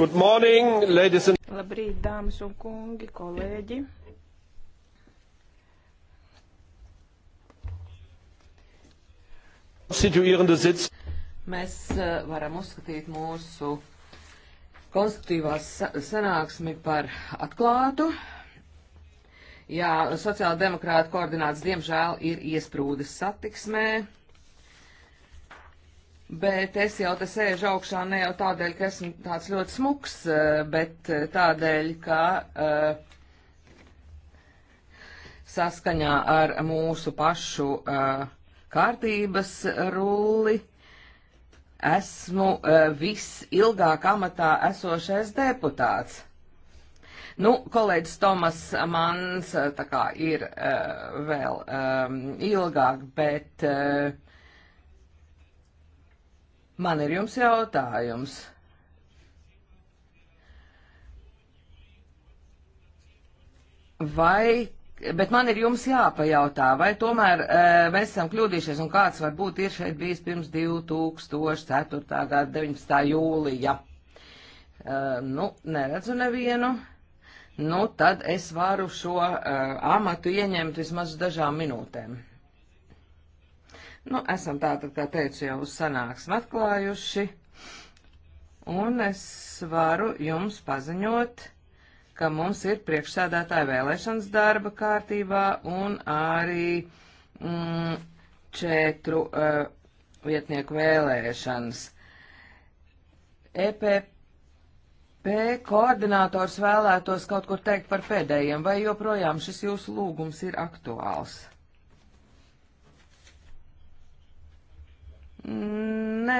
Good morning, ladies and... Labrīt, dāmas un kungi, kolēģi. Situierende sits. Mēs eh, varam uzskatīt mūsu konstitutīvās sanāksmi par atklātu. Jā, sociāla demokrāta koordināts diemžēl ir iesprūdis satiksmē. Bet es jau te sēžu augšā ne jau tādēļ, ka esmu tāds ļoti smuks, eh, bet eh, tādēļ, ka uh, saskaņā ar mūsu pašu uh, kārtības rulli esmu uh, visilgāk amatā esošais deputāts. Nu, kolēģis Tomas Mans tā kā ir vēl um, ilgāk, bet uh, Man ir jums jautājums. Vai, bet man ir jums jāpajautā, vai tomēr e, mēs esam kļūdījušies un kāds varbūt ir šeit bijis pirms 2004. gada 19. jūlija? E, nu, neredzu nevienu. Nu, tad es varu šo e, amatu ieņemt vismaz dažām minūtēm. Nu, esam tātad, kā teicu, jau uz sanāksmu atklājuši, un es varu jums paziņot, ka mums ir priekšsēdētāja vēlēšanas darba kārtībā un arī mm, četru uh, vietnieku vēlēšanas. EPP P. Koordinators vēlētos kaut kur teikt par pēdējiem, vai joprojām šis jūsu lūgums ir aktuāls? Nē,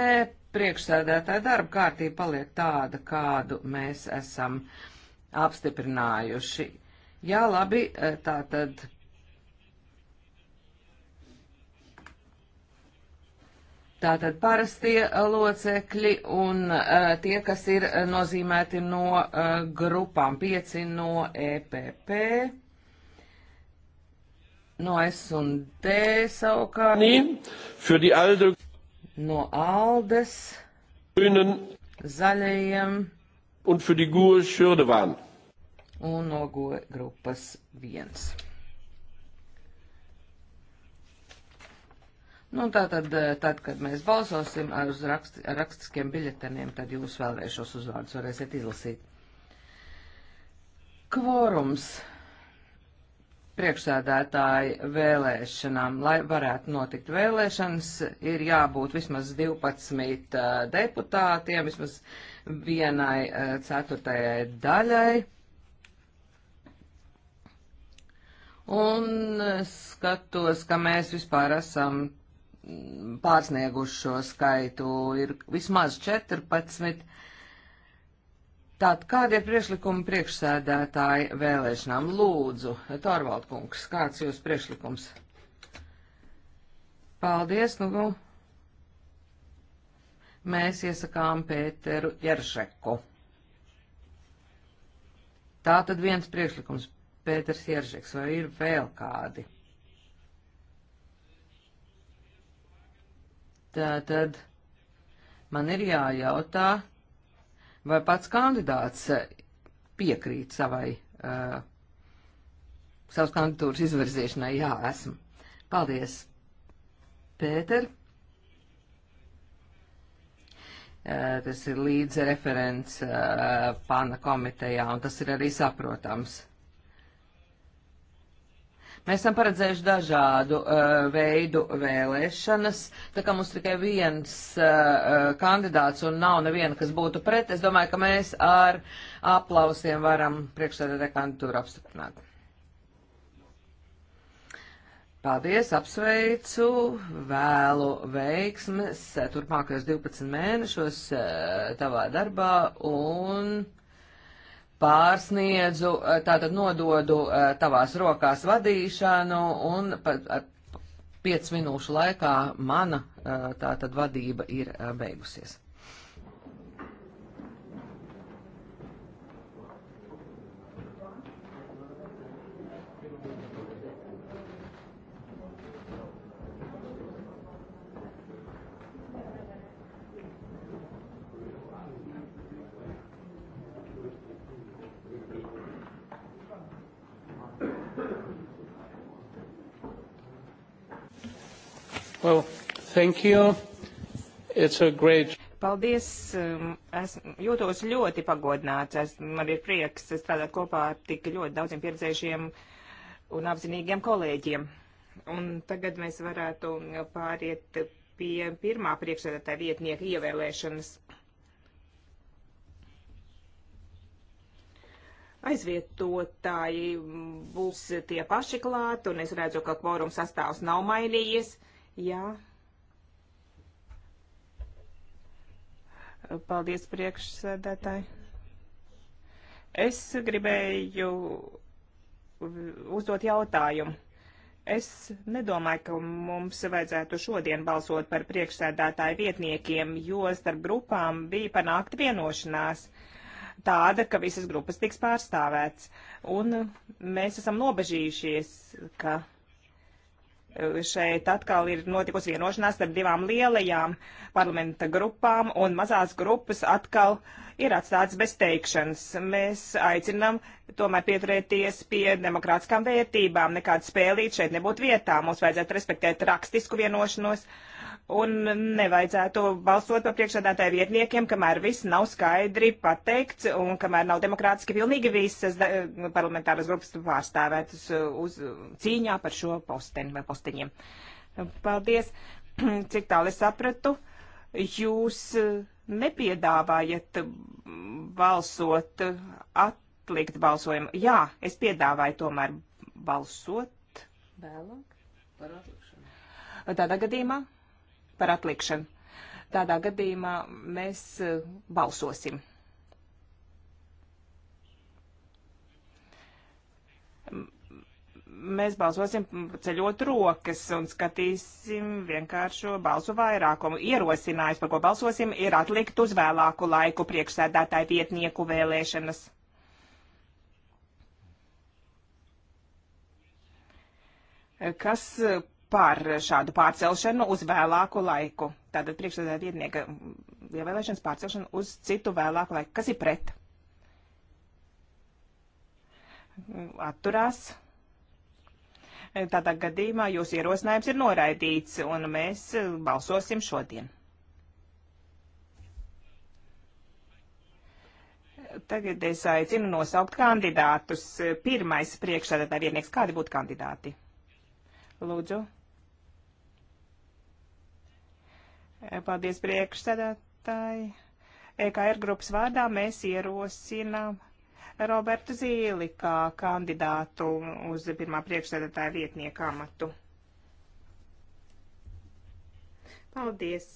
priekšsēdētāja darba kārtība paliek tāda, kādu mēs esam apstiprinājuši. Jā, labi, e, tā tad. Tātad parastie locekļi un uh, tie, kas ir nozīmēti no uh, grupām, pieci no EPP, no S un D savukārt no Aldes, Grünen, Zaļajiem un für die GUE Schürdevan. Un no GUE grupas viens. Nu, tā tad, eh, tad, kad mēs balsosim ar rakst, rakstiskiem biļeteniem, tad jūs vēlreiz šos uzvārdus varēsiet izlasīt. Kvorums priekšsēdētāji vēlēšanām. Lai varētu notikt vēlēšanas, ir jābūt vismaz 12 uh, deputātiem, vismaz vienai uh, ceturtajai daļai. Un skatos, ka mēs vispār esam pārsnieguši šo skaitu. Ir vismaz 14 Tātad, kāda ir priekšlikuma priekšsēdētāja vēlēšanām? Lūdzu, Torvald kungs, kāds jūs priekšlikums? Paldies, nu, nu, mēs iesakām Pēteru Jeršeku. Tātad viens priekšlikums, Pēters Jeršeks, vai ir vēl kādi? Tātad, man ir jājautā vai pats kandidāts eh, piekrīt savai, uh, savas kandidatūras izvirzīšanai. Jā, esmu. Paldies, Pēter. Uh, tas ir līdz referents uh, pana komitejā, un tas ir arī saprotams. Mēs esam paredzējuši dažādu uh, veidu vēlēšanas, tā kā mums tikai viens uh, kandidāts un nav neviena, kas būtu pret, es domāju, ka mēs ar aplausiem varam priekšsēdētāju kandidatūru apstiprināt. Paldies, apsveicu, vēlu veiksmes turpmākajos 12 mēnešos tavā darbā un pārsniedzu, eh, tātad nododu eh, tavās rokās vadīšanu un pat 5 minūšu laikā mana eh, tātad vadība ir beigusies. Well, thank you. It's a great. Paldies! Um, es jūtos ļoti pagodināts. Es, man ir prieks strādāt kopā ar tik ļoti daudziem pieredzējušiem un apzinīgiem kolēģiem. Un tagad mēs varētu pāriet pie pirmā priekšsēdētāja vietnieka ievēlēšanas. Aizvietotāji būs tie paši klāt, un es redzu, ka kvorums sastāvs nav mainījies. Uh, Jā. Paldies priekšsēdētāji. Es gribēju uzdot jautājumu. Es nedomāju, ka mums vajadzētu šodien balsot par priekšsēdētāju vietniekiem, jo starp grupām bija panākt vienošanās tāda, ka visas grupas tiks pārstāvēts. Un mēs esam nobežījušies, ka šeit atkal ir notikusi vienošanās starp divām lielajām parlamenta grupām, un mazās grupas atkal ir atstātas bez teikšanas. Mēs aicinām tomēr pieturēties pie demokrātiskām vērtībām, nekāda spēlīt šeit nebūtu vietā. Mums vajadzētu respektēt rakstisku vienošanos. Uh, un nevajadzētu balsot par priekšsēdētāju vietniekiem, kamēr viss nav skaidri pateikts un kamēr nav demokrātiski pilnīgi visas parlamentāras grupas pārstāvētas uh, uz cīņā par šo posteni vai posteņiem. Paldies, cik tālu es sapratu. Jūs uh, nepiedāvājat balsot, atlikt balsojumu. Jā, es piedāvāju tomēr balsot. Vēlāk par atlikšanu. Tādā gadījumā par atlikšanu. Tādā gadījumā mēs eh, balsosim. Mēs balsosim ceļot rokas un skatīsim vienkāršo balsu vairākumu. Ierosinājums, par ko balsosim, ir atlikt uz vēlāku laiku priekšsēdētāju vietnieku vēlēšanas. kas par šādu pārcelšanu uz vēlāku laiku. Tātad priekšsēdētāja vietnieka ievēlēšanas pārcelšanu uz citu vēlāku laiku. Kas ir pret? Atturās. Tādā gadījumā jūsu ierosinājums ir noraidīts, un mēs eh, balsosim šodien. Tagad es aicinu nosaukt kandidātus. Pirmais priekšsēdētāja vietnieks, kādi būtu kandidāti? Lūdzu. Paldies priekšsēdētāji. EKR grupas vārdā mēs ierosinām Robertu Zīli kā kandidātu uz pirmā priekšsēdētāja vietnieku amatu. Paldies!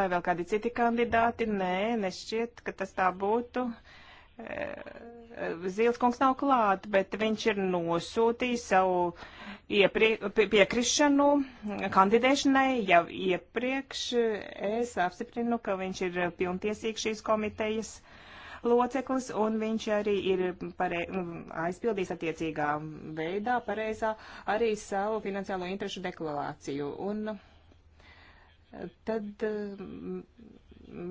Vai vēl kādi citi kandidāti? Nē, nešķiet, ka tas tā būtu. Uh, Eh, Zīles kungs nav klāt, bet viņš ir nosūtījis savu ieprie, piekrišanu kandidēšanai jau iepriekš. Es apstiprinu, ka viņš ir pilntiesīgs šīs komitejas loceklis, un viņš arī ir pare, aizpildījis attiecīgā veidā pareizā arī savu finansiālo interešu deklarāciju. Un tad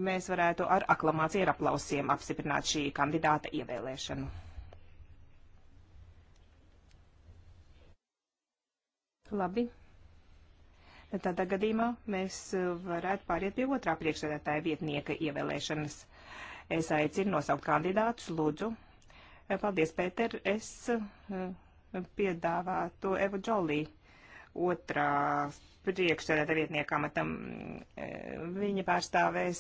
mēs varētu ar aklamāciju ar aplausiem apstiprināt šī kandidāta ievēlēšanu. Labi. Tādā gadījumā mēs varētu pāriet pie otrā priekšsēdētāja vietnieka ievēlēšanas. Es aicinu nosaukt kandidātus, lūdzu. Paldies, Pēter. Es eh, piedāvātu Evu Džoliju otrā priekšsēdētāja vietnieka amatam. E, viņa pārstāvēs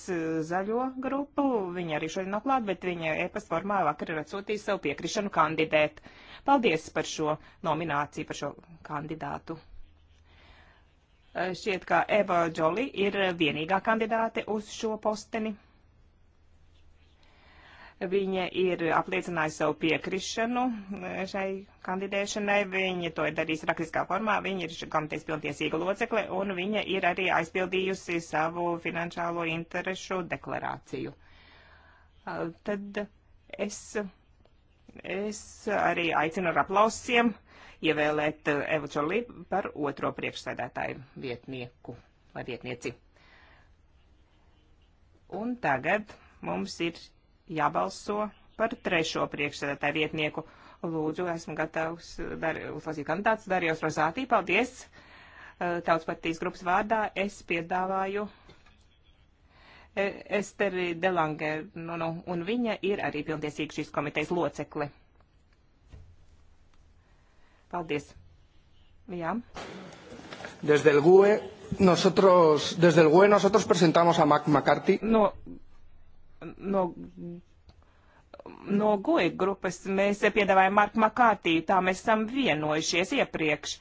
zaļo grupu, viņa arī šodien nav klāt, bet viņa e-pasta formā vakar ir atsūtījusi savu piekrišanu kandidēt. Paldies par šo nomināciju, par šo kandidātu. E, šķiet, ka Eva Džoli ir vienīgā kandidāte uz šo posteni. Viņa ir apliecinājusi savu piekrišanu e, šai kandidēšanai. Viņa to ir darījusi rakstiskā formā. Viņa ir komitejas pilntiesīga locekle un viņa ir arī aizpildījusi savu finanšālo interešu deklarāciju. Tad es, es arī aicinu ar aplausiem ievēlēt e, Evu Čolī par otro priekšsēdētāju vietnieku vai vietnieci. Un tagad mums ir jābalso par trešo priekšsēdētāju vietnieku. Lūdzu, esmu gatavs dar, uzlasīt kandidāts Darijos Rozātī. Paldies! Eh, tautas partijas grupas vārdā es piedāvāju eh, Esteri Delange, nu, nu, un viņa ir arī pilntiesīga šīs komitejas locekli. Paldies! Jā. Desde el GUE, nosotros, desde el GUE nosotros presentamos a Mac McCarthy. No, no, no goja grupas mēs piedāvājam Marku Makārtī, tā mēs esam vienojušies iepriekš.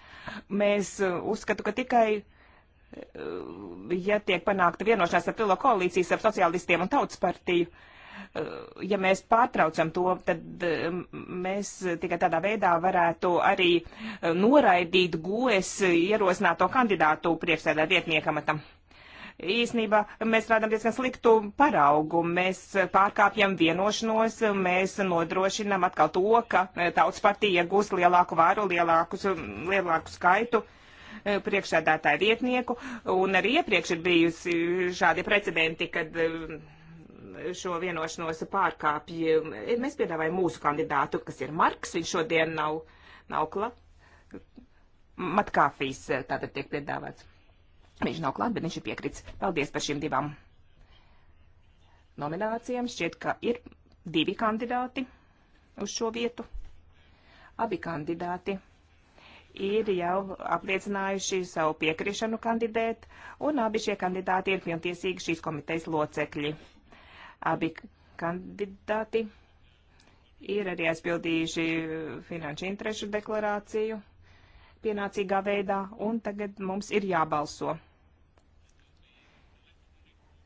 Mēs uh, uzskatu, ka tikai uh, ja tiek panākta vienošanās ar pilo koalīcijas ar sociālistiem un tautas partiju, uh, ja mēs pārtraucam to, tad um, mēs tikai tādā veidā varētu arī noraidīt goes ierosināto kandidātu priekšsēdā vietniekamatam īsnībā mēs rādām diezgan sliktu paraugu. Mēs pārkāpjam vienošanos, mēs nodrošinam atkal to, ka e, tautas partija iegūs lielāku vāru, lielāku, e, lielāku skaitu e, priekšsēdētāju vietnieku, un arī iepriekš ir bijusi šādi precedenti, kad šo vienošanos pārkāpja. Mēs piedāvājam mūsu kandidātu, kas ir Marks, viņš šodien nav, nav klāt. Matkāfijas tātad tiek piedāvāts. Viņš nav klāt, bet viņš ir piekrits. Paldies par šīm divām nominācijām. Šķiet, ka ir divi kandidāti uz šo vietu. Abi kandidāti ir jau apliecinājuši savu piekrišanu kandidēt, un abi šie kandidāti ir pilntiesīgi šīs komitejas locekļi. Abi kandidāti ir arī aizpildījuši finanšu interešu deklarāciju pienācīgā veidā, un tagad mums ir jābalso.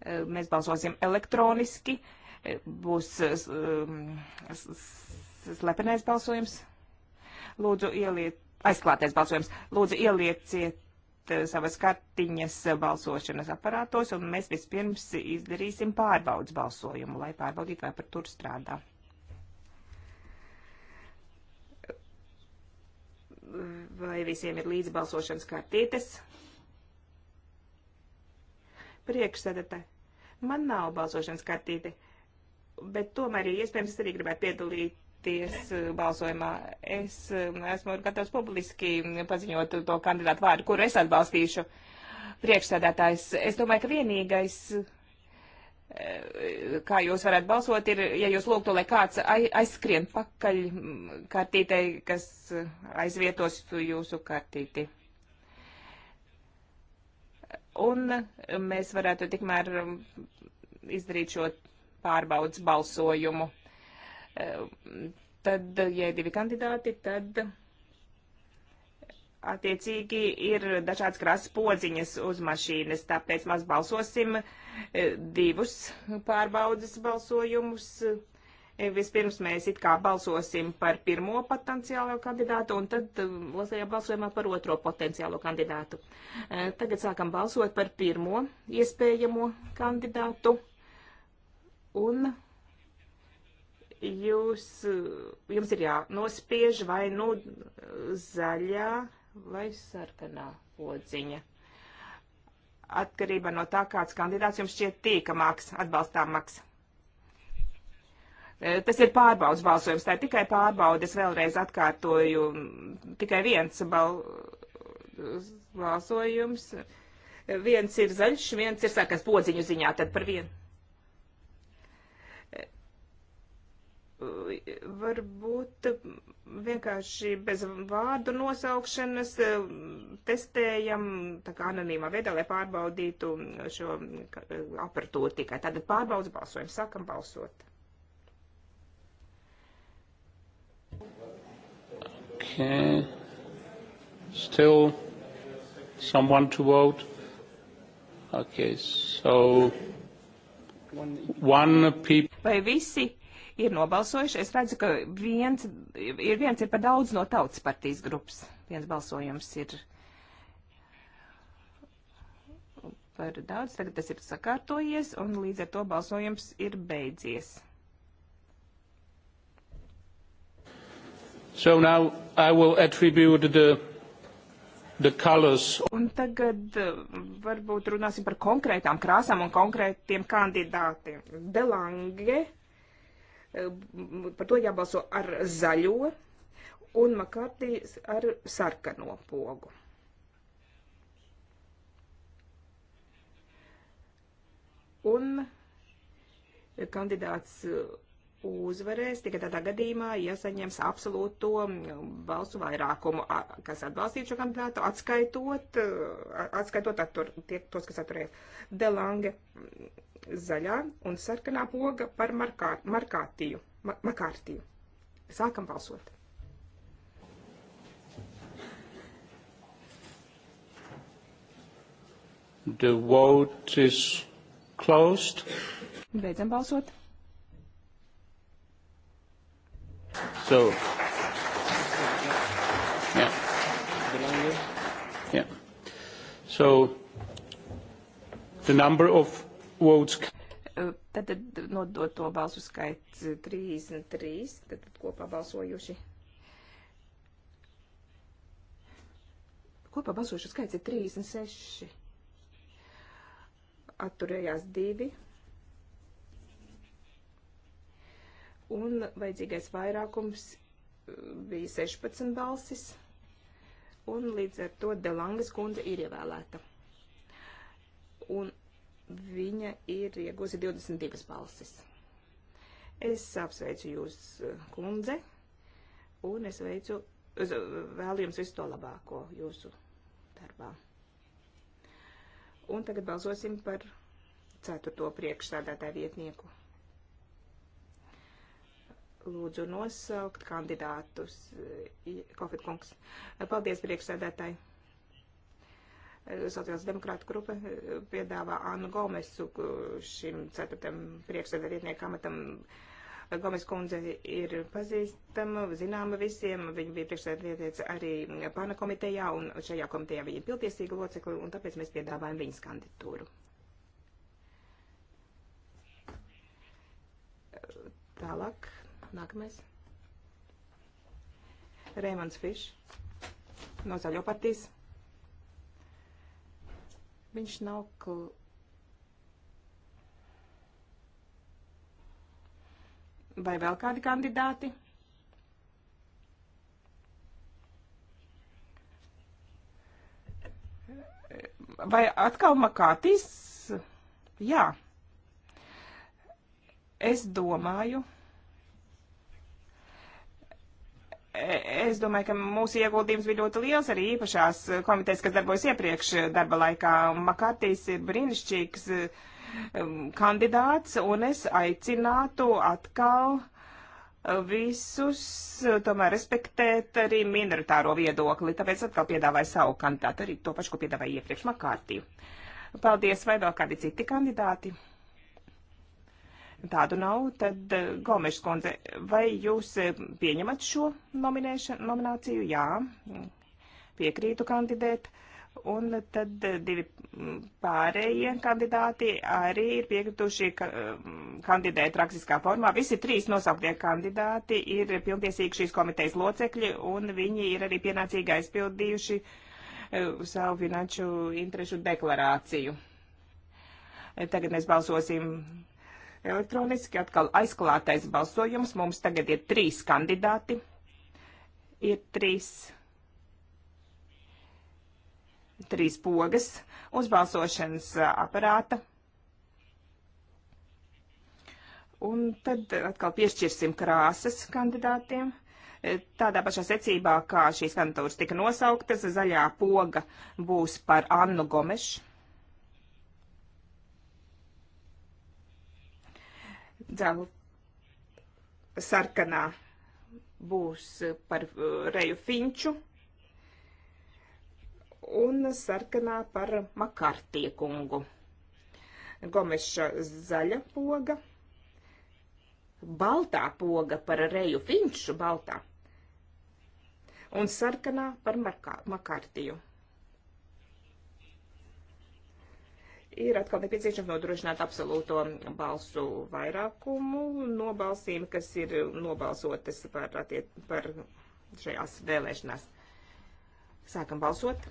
Eh, mēs balsosim elektroniski, eh, būs eh, slepenais balsojums. Lūdzu, ieliet, aizklātais balsojums. Lūdzu, ielieciet savas kartiņas balsošanas aparātos, un mēs vispirms izdarīsim pārbaudas balsojumu, lai pārbaudītu, vai par tur strādā. Vai visiem ir līdzbalsošanas kartītes? Priekšsēdētāji, man nav balsošanas kartīte, bet tomēr, ja iespējams, es arī gribētu piedalīties eh, balsojumā. Es eh, esmu gatavs publiski paziņot to kandidātu vārdu, kuru es atbalstīšu. Priekšsēdētājs, es domāju, ka vienīgais kā jūs varētu balsot, ir, ja jūs lūgtu, lai kāds aizskrien pakaļ kartītei, kas aizvietos jūsu kartīti. Un mēs varētu tikmēr izdarīt šo pārbaudas balsojumu. Tad, ja ir divi kandidāti, tad attiecīgi ir dažādas krāsas podziņas uz mašīnas, tāpēc mēs balsosim e, divus pārbaudas balsojumus. E, vispirms mēs it kā balsosim par pirmo potenciālo kandidātu un tad e, lasējā balsojumā par otro potenciālo kandidātu. Tagad sākam balsot par pirmo iespējamo kandidātu un jūs, jums ir jānospiež vai nu zaļā vai sarkanā odziņa. Atkarībā no tā, kāds kandidāts jums šķiet tīkamāks, atbalstāmāks. E, tas ir pārbaudas balsojums, tā ir tikai pārbaudas, vēlreiz atkārtoju, tikai viens bal balsojums. Viens ir zaļš, viens ir sarkans podziņu ziņā, tad par vienu. varbūt vienkārši bez vārdu nosaukšanas eh, testējam tā kā anonīmā veidā, lai pārbaudītu šo eh, apratūru tikai. Tātad pārbaudas balsojumu, sākam balsot. Okay. Still someone to vote? Okay, so one people. Vai visi ir nobalsojuši. Es redzu, ka viens ir, viens ir par daudz no tautas partijas grupas. Viens balsojums ir par daudz. Tagad tas ir sakārtojies un līdz ar to balsojums ir beidzies. So now I will attribute the Un tagad uh, varbūt runāsim par konkrētām krāsām un konkrētiem kandidātiem. Delange Ehm, par to jābalso ar zaļo un Makartī ar sarkano pogu. Un kandidāts uzvarēs tikai tādā gadījumā, ja saņems absolūto balsu vairākumu, kas atbalstītu šo kandidātu, atskaitot, atskaitot attur, tie, tos, kas atturēja Delange zaļā un sarkanā poga par markā, markātiju, makārtiju. Sākam balsot. The vote is closed. Beidzam balsot. So, yeah. Yeah. So, the number of votes. Uh, tad nodoto balsu skaits 33, uh, tad kopā balsojuši. Kopā balsojuši skaits ir 36. Atturējās divi. un vajadzīgais vairākums eh, bija 16 balsis, un līdz ar to Delangas kundze ir ievēlēta. Un viņa ir iegūsi 22 balsis. Es apsveicu jūs, eh, kundze, un es veicu, es vēlu jums visu to labāko jūsu darbā. Un tagad balsosim par ceturto priekšsādātāju vietnieku lūdzu nosaukt kandidātus. Kofit kungs. Paldies, priekšsēdētāji. Sociāls demokrāta grupa piedāvā Annu Gomesu šim ceturtam priekšsēdētniekam amatam. Gomes kundze ir pazīstama, zināma visiem. Viņa bija priekšsēdētniece arī pana komitejā, un šajā komitejā viņa ir piltiesīga locekla, un tāpēc mēs piedāvājam viņas kandidatūru. Tālāk nākamais. Rēmans Fišs no Zaļo partijas. Viņš nav kl... Vai vēl kādi kandidāti? Vai atkal Makātis? Jā. Es domāju. E, es domāju, ka mūsu ieguldījums bija ļoti liels arī īpašās komitejas, kas darbojas iepriekš darba laikā. Makartīs ir brīnišķīgs um, kandidāts, un es aicinātu atkal visus uh, tomēr respektēt arī minoritāro viedokli. Tāpēc atkal piedāvāju savu kandidātu, arī to pašu, ko piedāvāju iepriekš Makārtiju. Paldies, vai vēl kādi citi kandidāti? tādu nav, tad eh, Gomešs kundze, vai jūs eh, pieņemat šo nomināciju? Jā, piekrītu kandidēt. Un tad eh, divi pārējie kandidāti arī ir piekrituši ka, kandidēt rakstiskā formā. Visi trīs nosauktie kandidāti ir pilntiesīgi šīs komitejas locekļi, un viņi ir arī pienācīgi aizpildījuši savu finanšu interešu deklarāciju. Tagad mēs balsosim elektroniski. Atkal aizklātais balsojums. Mums tagad ir trīs kandidāti. Ir trīs, trīs pogas uz balsošanas aparāta. Un tad atkal piešķirsim krāsas kandidātiem tādā pašā secībā, kā šīs kandidatūras tika nosauktas, zaļā poga būs par Annu Gomešu, dzelu sarkanā būs par uh, Reju Finču un sarkanā par Makartiekungu. Gomeša zaļa poga, baltā poga par Reju Finču baltā un sarkanā par Makartiju. ir atkal nepieciešams nodrošināt absolūto balsu vairākumu no balsīm, kas ir nobalsotas par, attiet, par šajās vēlēšanās. Sākam balsot.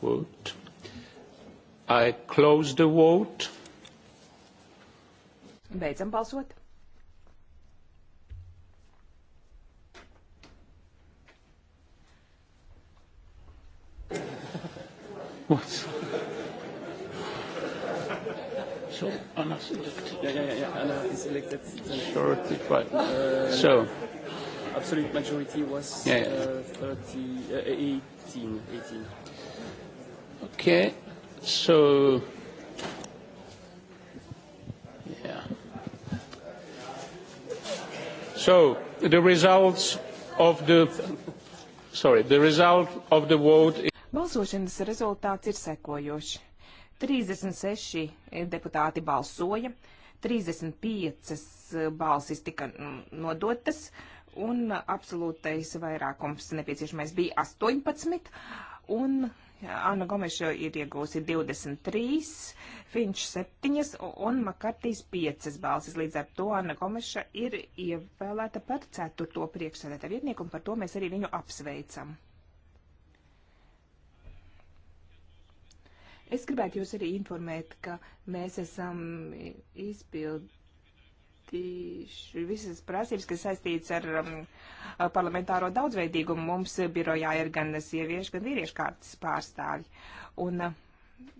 Vote. I close the vote. Beidzam balsot. What? So Anna selected. Yeah, yeah, yeah. Anna is elected. Shortly, but uh, so. Absolute majority was yeah, yeah. Uh, 30, uh, 18, 18. Okay, so yeah. So the results of the sorry, the result of the vote Balsošanas rezultāts ir sekojoši. 36 eh, deputāti balsoja, 35 eh, balsis tika mm, nodotas, un absolūtais vairākums nepieciešamais bija 18, un Anna Gomeša ir iegūsi 23, Finčs 7 un Makartīs 5 balsis. Līdz ar to Anna Gomeša ir ievēlēta par ceturto priekšsēdētāju vietnieku, un par to mēs arī viņu apsveicam. Es gribētu jūs arī informēt, ka mēs esam izpildījuši visas prasības, kas saistīts ar um, parlamentāro daudzveidīgumu. Mums birojā ir gan sieviešu, gan vīriešu kārtas pārstāvji. Un uh,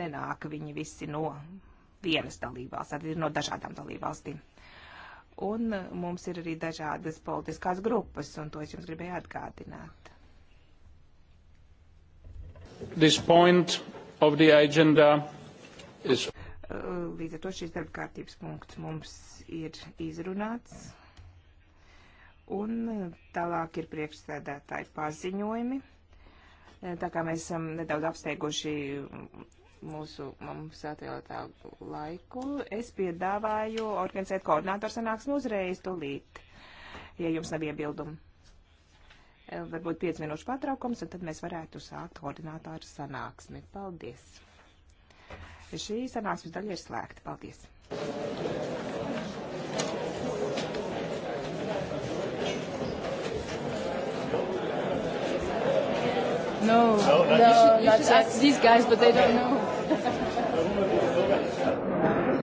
nenāk viņi visi no vienas dalībvalsts, tad ir no dažādām dalībvalstīm. Un uh, mums ir arī dažādas politiskās grupas, un to es jums gribēju atgādināt. This point of the agenda is. Līdz ar to šis darba kārtības punkts mums ir izrunāts. Un tālāk ir priekšsēdētāji paziņojumi. Tā kā mēs esam nedaudz apsteiguši mūsu mums atvēlētā laiku, es piedāvāju organizēt koordinātoru sanāksmu uzreiz, tūlīt, ja jums nav iebildumu varbūt 5 minūšu pārtraukums, un tad mēs varētu sākt koordinātāru sanāksmi. Paldies! Šī sanāksmes daļa ir slēgta. Paldies! No, oh, no, no that's, that's these guys, but they don't know.